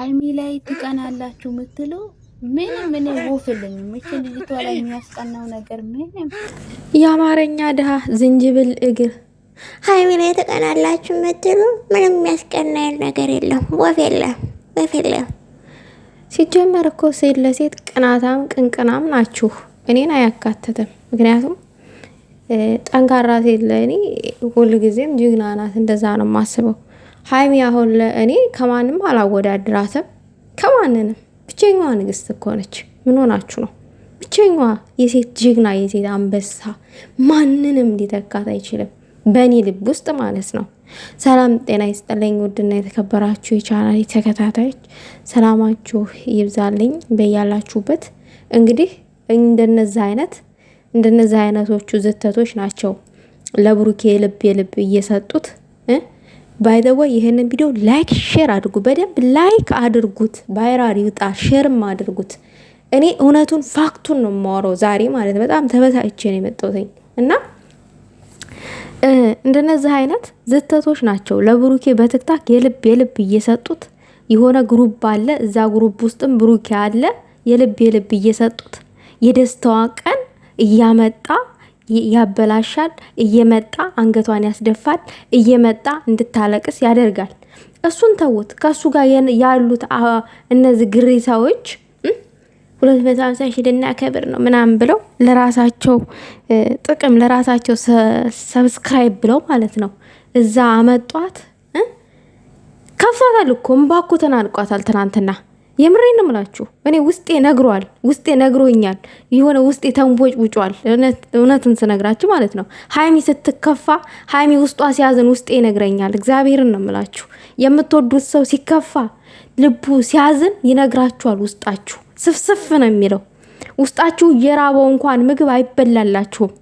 ሀይሚ ላይ ትቀናላችሁ ምትሉ ምንም ምን ወፍልኝ ምች ልጅቷ ላይ የሚያስቀናው ነገር ምንም። የአማርኛ ድሃ ዝንጅብል እግር ሀይሚ ላይ ትቀናላችሁ ምትሉ ምንም የሚያስቀናል ነገር የለም። ወፍ የለም፣ ወፍ የለም። ሲጀመር እኮ ሴት ለሴት ቅናታም ቅንቅናም ናችሁ። እኔን አያካትትም። ምክንያቱም ጠንካራ ሴት ለእኔ ሁልጊዜም ጅግና ናት። እንደዛ ነው የማስበው። ሀይሚ አሁን እኔ ከማንም አላወዳድራትም ከማንንም ብቸኛዋ ንግስት እኮ ነች። ምን ሆናችሁ ነው? ብቸኛዋ የሴት ጀግና፣ የሴት አንበሳ ማንንም ሊተካት አይችልም፣ በእኔ ልብ ውስጥ ማለት ነው። ሰላም ጤና ይስጥልኝ። ውድና የተከበራችሁ የቻናል ተከታታዮች ሰላማችሁ ይብዛልኝ በያላችሁበት። እንግዲህ እንደነዚህ አይነት እንደነዚህ አይነቶቹ ዝተቶች ናቸው ለብሩኬ ልብ የልብ እየሰጡት ባይዘወይ ይህንን ቪዲዮ ላይክ ሼር አድርጉ። በደንብ ላይክ አድርጉት፣ ቫይራል ይውጣ፣ ሼርም አድርጉት። እኔ እውነቱን ፋክቱን ነው የማወራው ዛሬ ማለት በጣም ተበሳጭቼ ነው የመጣሁትኝ እና እንደነዚህ አይነት ዝተቶች ናቸው ለብሩኬ በትክታክ የልብ የልብ እየሰጡት የሆነ ግሩፕ አለ። እዛ ግሩፕ ውስጥም ብሩኬ አለ። የልብ የልብ እየሰጡት የደስታዋ ቀን እያመጣ ያበላሻል፣ እየመጣ አንገቷን ያስደፋል፣ እየመጣ እንድታለቅስ ያደርጋል። እሱን ተውት። ከእሱ ጋር ያሉት እነዚህ ግሪሳዎች ሁለት መቶ ሀምሳ ሺህ ልናከብር ነው ምናምን ብለው ለራሳቸው ጥቅም ለራሳቸው ሰብስክራይብ ብለው ማለት ነው እዛ አመጧት። ከፍቷታል እኮ እምባ እኮ ተናንቋታል ትናንትና የምሬ ነው የምላችሁ። እኔ ውስጤ ነግሯል፣ ውስጤ ነግሮኛል፣ የሆነ ውስጤ ተንቦጭ ውጯል። እውነትን ስነግራችሁ ማለት ነው። ሀይሚ ስትከፋ፣ ሀይሚ ውስጧ ሲያዝን ውስጤ ይነግረኛል። እግዚአብሔርን ነው የምላችሁ። የምትወዱት ሰው ሲከፋ፣ ልቡ ሲያዝን ይነግራችኋል። ውስጣችሁ ስፍስፍ ነው የሚለው። ውስጣችሁ የራበው እንኳን ምግብ አይበላላችሁም።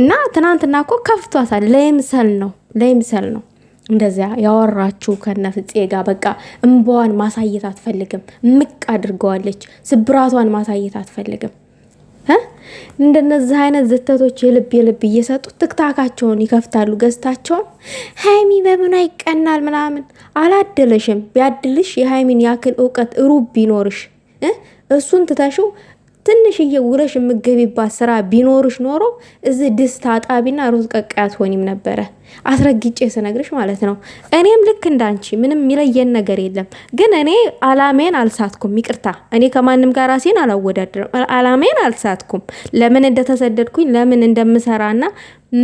እና ትናንትና እኮ ከፍቷታል። ለይምሰል ነው ለይምሰል ነው እንደዚያ ያወራችሁ ከነ ፍፄ ጋር በቃ እምባዋን ማሳየት አትፈልግም። ምቅ አድርገዋለች። ስብራቷን ማሳየት አትፈልግም። እንደነዚህ አይነት ዝተቶች የልብ የልብ እየሰጡ ትክታካቸውን ይከፍታሉ። ገዝታቸውን ሀይሚ በምኗ ይቀናል ምናምን አላደለሽም። ቢያድልሽ የሀይሚን ያክል እውቀት ሩብ ቢኖርሽ እሱን ትተሽው ትንሽዬ ውለሽ የምገቢባት ስራ ቢኖርሽ ኖሮ እዚ ድስት አጣቢና ሩዝ ቀቃይ አትሆኒም ነበረ። አስረግጬ ስነግርሽ ማለት ነው። እኔም ልክ እንዳንቺ ምንም የሚለየን ነገር የለም። ግን እኔ አላሜን አልሳትኩም። ይቅርታ፣ እኔ ከማንም ጋር ራሴን አላወዳድርም። አላሜን አልሳትኩም። ለምን እንደተሰደድኩኝ ለምን እንደምሰራና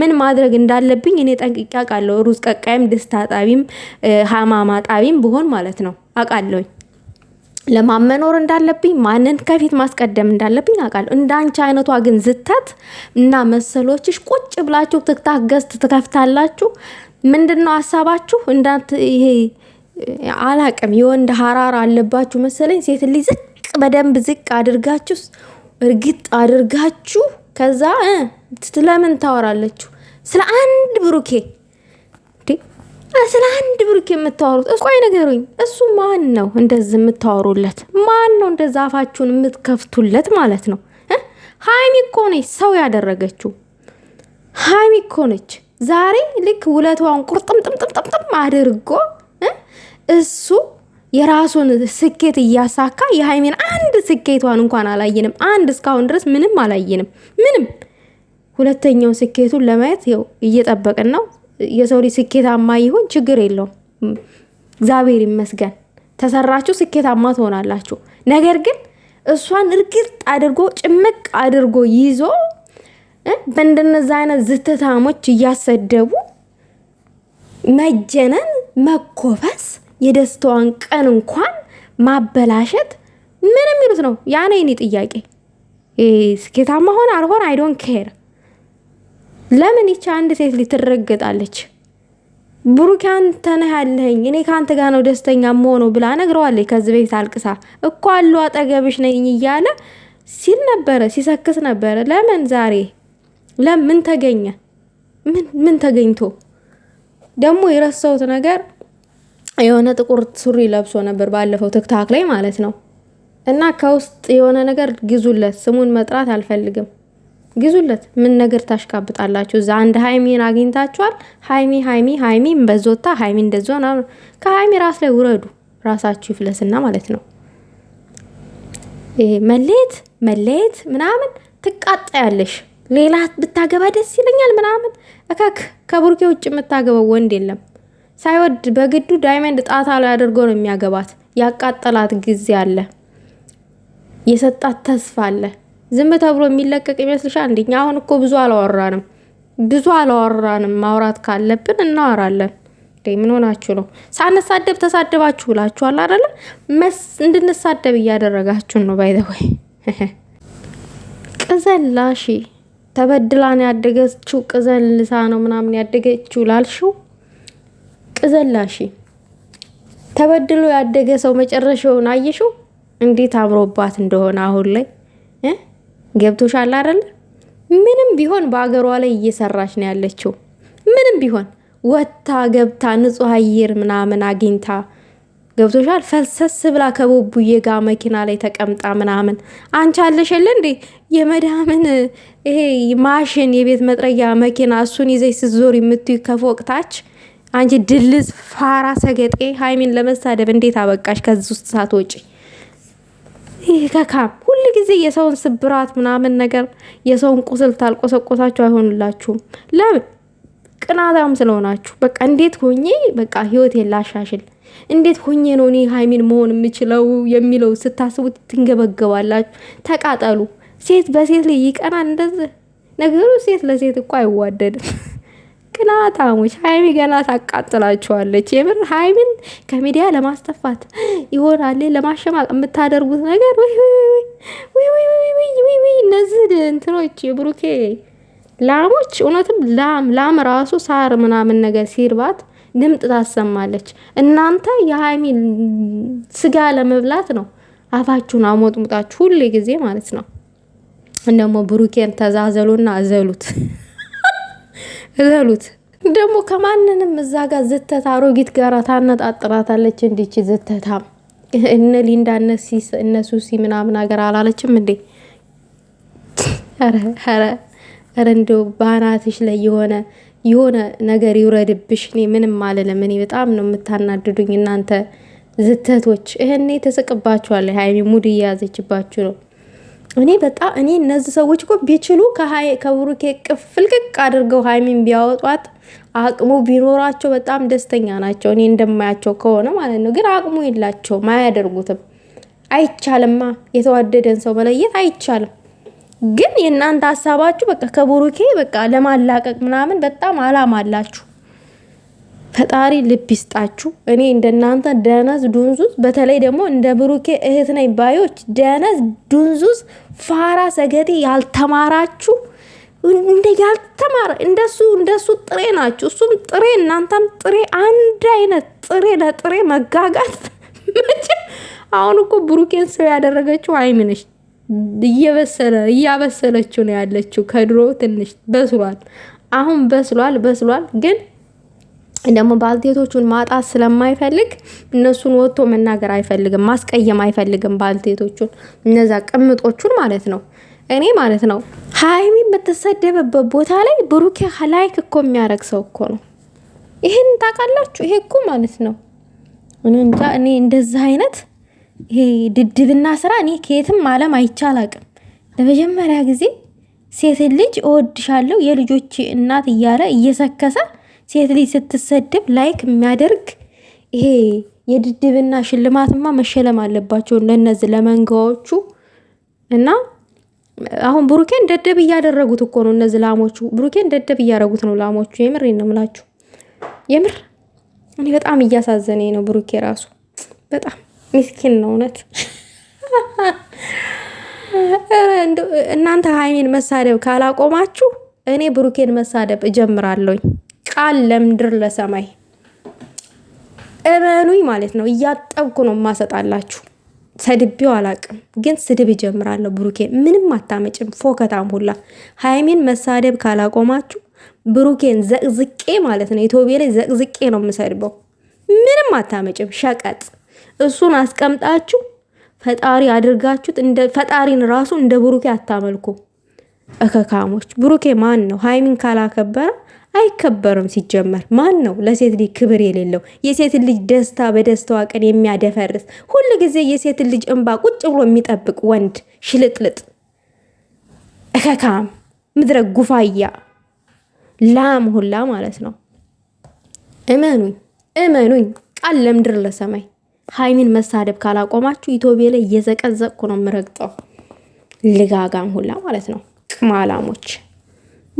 ምን ማድረግ እንዳለብኝ እኔ ጠንቅቄ አውቃለሁ። ሩዝ ቀቃይም ድስት አጣቢም ሀማማ ጣቢም ብሆን ማለት ነው አውቃለሁኝ። ለማመኖር እንዳለብኝ ማንን ከፊት ማስቀደም እንዳለብኝ አውቃለሁ። እንዳንቺ አይነቷ ግን ዝተት እና መሰሎችሽ ቁጭ ብላችሁ ትክታክ ገዝት ትከፍታላችሁ። ምንድን ነው ሀሳባችሁ? እንዳት ይሄ አላቅም የወንድ ሀራር አለባችሁ መሰለኝ። ሴት ልጅ ዝቅ በደንብ ዝቅ አድርጋችሁ እርግጥ አድርጋችሁ ከዛ ስለምን ታወራለችሁ? ስለ አንድ ብሩኬ ስለ አንድ ብሩክ የምታወሩት እሱ ቆይ ነገሩኝ። እሱ ማን ነው እንደዚህ የምታወሩለት? ማን ነው እንደዛ አፋችሁን የምትከፍቱለት ማለት ነው? ሀይሚ እኮ ነች ሰው ያደረገችው። ሀይሚ እኮ ነች ዛሬ ልክ ውለቷን ቁርጥምጥምጥምጥም አድርጎ እሱ የራሱን ስኬት እያሳካ የሀይሜን አንድ ስኬቷን እንኳን አላየንም። አንድ እስካሁን ድረስ ምንም አላየንም። ምንም ሁለተኛውን ስኬቱን ለማየት ው እየጠበቅን ነው። የሰው ልጅ ስኬታማ ይሁን ችግር የለውም። እግዚአብሔር ይመስገን ተሰራችሁ ስኬታማ ትሆናላችሁ። ነገር ግን እሷን እርግጥ አድርጎ ጭምቅ አድርጎ ይዞ በእንደነዛ አይነት ዝተታሞች እያሰደቡ መጀነን፣ መኮፈስ፣ የደስታዋን ቀን እንኳን ማበላሸት ምን የሚሉት ነው? ያኔ እኔ ጥያቄ ስኬታማ ሆነ አልሆን አይዶን ኬር ለምን ይቻ አንድ ሴት ልትረገጣለች? ብሩኬ አንተ ነህ ያለኸኝ፣ እኔ ከአንተ ጋር ነው ደስተኛ መሆኖ ብላ ነግረዋለች። ከዚህ ቤት አልቅሳ እኮ አሉ አጠገብሽ ነኝ እያለ ሲል ነበረ፣ ሲሰክስ ነበረ። ለምን ዛሬ ለምን ተገኘ? ምን ተገኝቶ ደግሞ የረሳሁት ነገር የሆነ ጥቁር ሱሪ ለብሶ ነበር ባለፈው ትክታክ ላይ ማለት ነው። እና ከውስጥ የሆነ ነገር ግዙለት። ስሙን መጥራት አልፈልግም። ግዙለት። ምን ነገር ታሽካብጣላችሁ? እዛ አንድ ሀይሚን አግኝታችኋል። ሀይሚ ሀይሚ ሀይሚ በዞታ ሀይሚ እንደዞ ከሀይሚ ራስ ላይ ውረዱ። ራሳችሁ ይፍለስና ማለት ነው። መለየት መለየት ምናምን ትቃጣ ያለሽ ሌላ ብታገባ ደስ ይለኛል ምናምን እከክ ከቡርኬ ውጭ የምታገባው ወንድ የለም። ሳይወድ በግዱ ዳይመንድ ጣታ ላይ አድርጎ ነው የሚያገባት። ያቃጠላት ጊዜ አለ፣ የሰጣት ተስፋ አለ። ዝም ተብሎ የሚለቀቅ ይመስልሻል? እንደኛ አሁን እኮ ብዙ አላወራንም፣ ብዙ አላወራንም። ማውራት ካለብን እናወራለን። ምን ሆናችሁ ነው? ሳንሳደብ ተሳደባችሁ ብላችኋል አይደለ? መስ እንድንሳደብ እያደረጋችሁን ነው። ባይዘወይ ቅዘላሺ ተበድላን ያደገችው። ቅዘን ልሳ ነው ምናምን ያደገችው ላልሽው ቅዘላሺ ተበድሎ ያደገ ሰው መጨረሻውን አየሽው? እንዴት አምሮባት እንደሆነ አሁን ላይ ገብቶሻል አይደል? ምንም ቢሆን በአገሯ ላይ እየሰራች ነው ያለችው። ምንም ቢሆን ወታ ገብታ ንጹህ አየር ምናምን አግኝታ ገብቶሻል። ፈልሰስ ብላ ከቦቡዬ ጋ መኪና ላይ ተቀምጣ ምናምን አንቺ አለሽ የለ እንዴ የመዳምን ይሄ ማሽን የቤት መጥረጊያ መኪና እሱን ይዘሽ ስትዞር የምትዩ ከፎቅ ታች አንቺ ድልዝ ፋራ ሰገጤ ሀይሚን ለመሳደብ እንዴት አበቃሽ? ከዚህ ውስጥ ወጪ ይህ ከካም ሁል ጊዜ የሰውን ስብራት ምናምን ነገር የሰውን ቁስል ታልቆሰቆሳችሁ አይሆንላችሁም። ለምን? ቅናታም ስለሆናችሁ በቃ እንዴት ሆኜ በቃ ህይወቴን ላሻሽል፣ እንዴት ሆኜ ነው እኔ ሀይሚን መሆን የምችለው የሚለው ስታስቡት ትንገበገባላችሁ፣ ተቃጠሉ። ሴት በሴት ላይ ይቀናል እንደዚህ ነገሩ። ሴት ለሴት እኮ አይዋደድም። ቅናታሞች ሀይሚ ገና ታቃጥላችኋለች። የምር ሀይሚን ከሚዲያ ለማስጠፋት ይሆናል ለማሸማቅ የምታደርጉት ነገር እነዚህ እንትኖች ብሩኬ ላሞች፣ እውነትም ላም ላም ራሱ ሳር ምናምን ነገር ሲርባት ድምጥ ታሰማለች። እናንተ የሀይሚን ስጋ ለመብላት ነው አፋችሁን አሞጥሙጣችሁ ሁሌ ጊዜ ማለት ነው። ደግሞ ብሩኬን ተዛዘሉና እዘሉት። እዘሉት። ደግሞ ከማንንም እዛ ጋር ዝተት አሮጊት ጋር ታነጣጥራታለች። እንዲች ዝተታ እነ ሊንዳ እነ ሱሲ ምናምን ሀገር አላለችም እንዴ? ኧረ እንዲያው ባናትሽ ላይ የሆነ የሆነ ነገር ይውረድብሽ። እኔ ምንም አልልም። እኔ በጣም ነው የምታናድዱኝ እናንተ ዝተቶች። ይሄኔ ተስቅባችኋል። ሀይሚ ሙድ እየያዘችባችሁ ነው። እኔ በጣም እኔ እነዚህ ሰዎች እኮ ቢችሉ ከብሩኬ ቅፍ ፍልቅቅ አድርገው ሀይሚን ቢያወጧት አቅሙ ቢኖራቸው በጣም ደስተኛ ናቸው። እኔ እንደማያቸው ከሆነ ማለት ነው። ግን አቅሙ የላቸውም፣ አያደርጉትም። አይቻልማ፣ የተዋደደን ሰው መለየት አይቻልም። ግን የእናንተ ሀሳባችሁ በቃ ከብሩኬ በቃ ለማላቀቅ ምናምን በጣም አላማ አላችሁ። ፈጣሪ ልብ ይስጣችሁ። እኔ እንደናንተ ደነዝ ዱንዙዝ፣ በተለይ ደግሞ እንደ ብሩኬ እህት ነኝ ባዮች ደነዝ ዱንዙዝ፣ ፋራ ሰገጤ ያልተማራችሁ እንደ ያልተማረ እንደሱ እንደሱ ጥሬ ናችሁ። እሱም ጥሬ እናንተም ጥሬ፣ አንድ አይነት ጥሬ ለጥሬ መጋጋት መቼም። አሁን እኮ ብሩኬን ሰው ያደረገችው አይምንሽ እየበሰለ እያበሰለችው ነው ያለችው። ከድሮ ትንሽ በስሏል፣ አሁን በስሏል በስሏል ግን ደግሞ ባልቴቶቹን ማጣት ስለማይፈልግ እነሱን ወጥቶ መናገር አይፈልግም፣ ማስቀየም አይፈልግም። ባልቴቶቹን እነዛ ቅምጦቹን ማለት ነው። እኔ ማለት ነው ሀይሚ በተሰደበበት ቦታ ላይ ብሩኬ ላይክ እኮ የሚያደርግ ሰው እኮ ነው። ይህን ታውቃላችሁ? ይሄ እኮ ማለት ነው እንጃ እኔ እንደዚህ አይነት ይሄ ድድብና ስራ እኔ ከየትም ዓለም አይቻላቅም። ለመጀመሪያ ጊዜ ሴትን ልጅ እወድሻለሁ የልጆች እናት እያለ እየሰከሰ ሴት ልጅ ስትሰድብ ላይክ የሚያደርግ ይሄ የድድብና ሽልማትማ መሸለም አለባቸው ለነዚህ ለመንጋዎቹ። እና አሁን ብሩኬን ደደብ እያደረጉት እኮ ነው እነዚህ ላሞቹ፣ ብሩኬን ደደብ እያደረጉት ነው ላሞቹ። የምር ነው የምላችሁ፣ የምር እኔ በጣም እያሳዘነ ነው ብሩኬ ራሱ በጣም ሚስኪን ነው እውነት። እናንተ ሀይሜን መሳደብ ካላቆማችሁ እኔ ብሩኬን መሳደብ እጀምራለሁኝ። ቃል ለምድር ለሰማይ እመኑኝ ማለት ነው። እያጠብኩ ነው ማሰጣላችሁ። ሰድቤው አላቅም፣ ግን ስድብ እጀምራለሁ። ብሩኬን ምንም አታመጭም ፎከታም ሁላ ሀይሜን መሳደብ ካላቆማችሁ ብሩኬን ዘቅዝቄ ማለት ነው ኢትዮጵያ ላይ ዘቅዝቄ ነው የምሰድበው። ምንም አታመጭም ሸቀጥ። እሱን አስቀምጣችሁ ፈጣሪ አድርጋችሁት ፈጣሪን ራሱ እንደ ብሩኬ አታመልኩ። እከካሞች ብሩኬ ማን ነው? ሀይሚን ካላከበረ አይከበርም። ሲጀመር ማን ነው ለሴት ልጅ ክብር የሌለው የሴት ልጅ ደስታ በደስታዋ ቀን የሚያደፈርስ ሁል ጊዜ የሴት ልጅ እንባ ቁጭ ብሎ የሚጠብቅ ወንድ ሽልጥልጥ፣ እከካም፣ ምድረ ጉፋያ፣ ላም ሁላ ማለት ነው። እመኑኝ እመኑኝ፣ ቃል ለምድር ለሰማይ ሀይሚን መሳደብ ካላቆማችሁ ኢትዮጵያ ላይ እየዘቀዘቅኩ ነው የምረግጠው። ልጋጋም ሁላ ማለት ነው። ቅማላሞች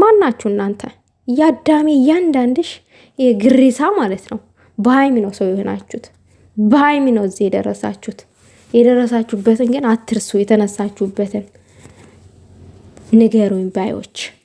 ማናችሁ እናንተ? ያዳሜ እያንዳንድሽ ግሪሳ ማለት ነው። በሀይሚ ነው ሰው የሆናችሁት፣ በሀይሚ ነው እዚህ የደረሳችሁት። የደረሳችሁበትን ግን አትርሱ። የተነሳችሁበትን ንገሩኝ ባዮች